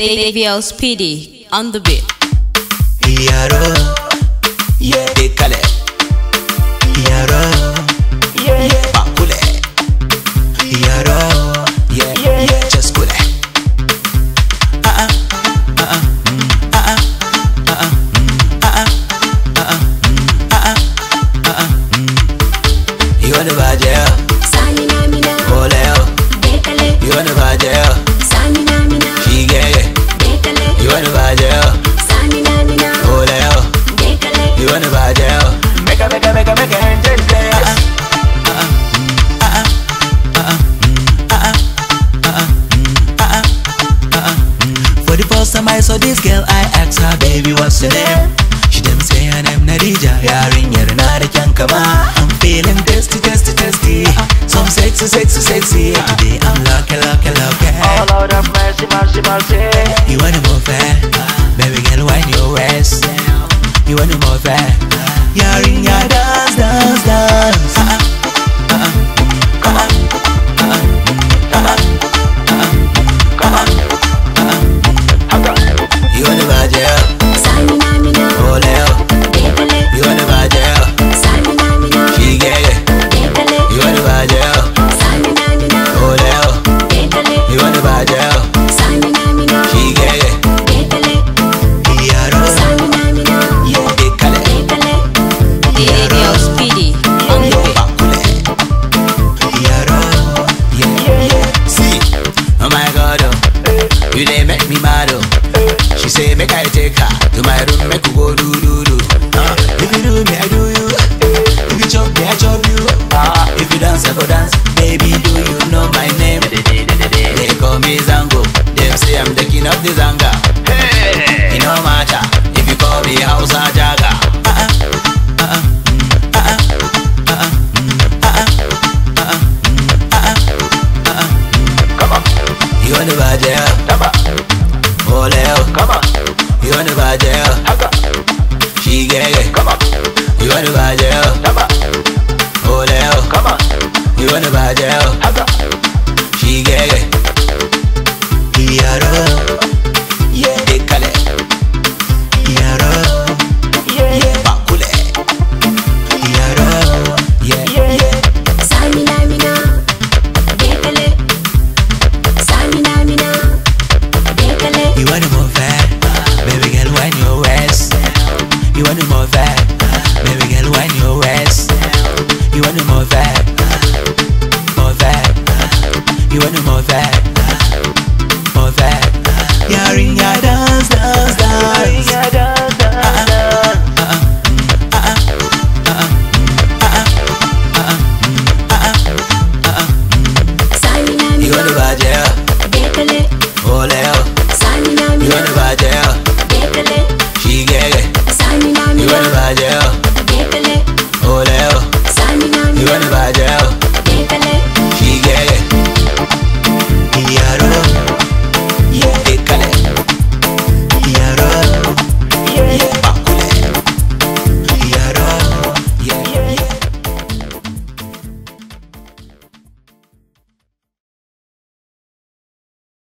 Davio Speedy on the beat. Yaro, yeah, they call it. Yaro, yeah, yeah, bakule. Yaro, yeah, yeah, just cool. Ah ah ah ah ah ah ah ah ah ah ah ah ah. You wanna buy jail? Sani mina. Oleo. Oh. Dekale. You wanna buy jail? You wanna buy jail? Make a make a make a make a hundred uh-uh. days. For the first time I saw this girl, I asked her, baby, what's your name? She didn't say her name, Nadija. Yarin, you're not a yankama. I'm feeling thirsty, thirsty, thirsty. So sexy, sexy, sexy. Today I'm lucky, lucky, lucky. All out of mercy, mercy, mercy. zanga hey. It no matter if you call me Hausa Jaga on, You wanna buy jail? Oh, Leo. Come on. You wanna buy jail? She gay. Come on. You wanna buy jail? Oh, Leo. Come on. You wanna buy jail? She gay. Yaro. You wanna more that, more that. Yaring ya dance, dance, dance. Uh-uh. You wanna buy jail? Oh, Leo. You wanna buy jail? She get it. You wanna buy jail? Oh, Leo. You wanna buy jail?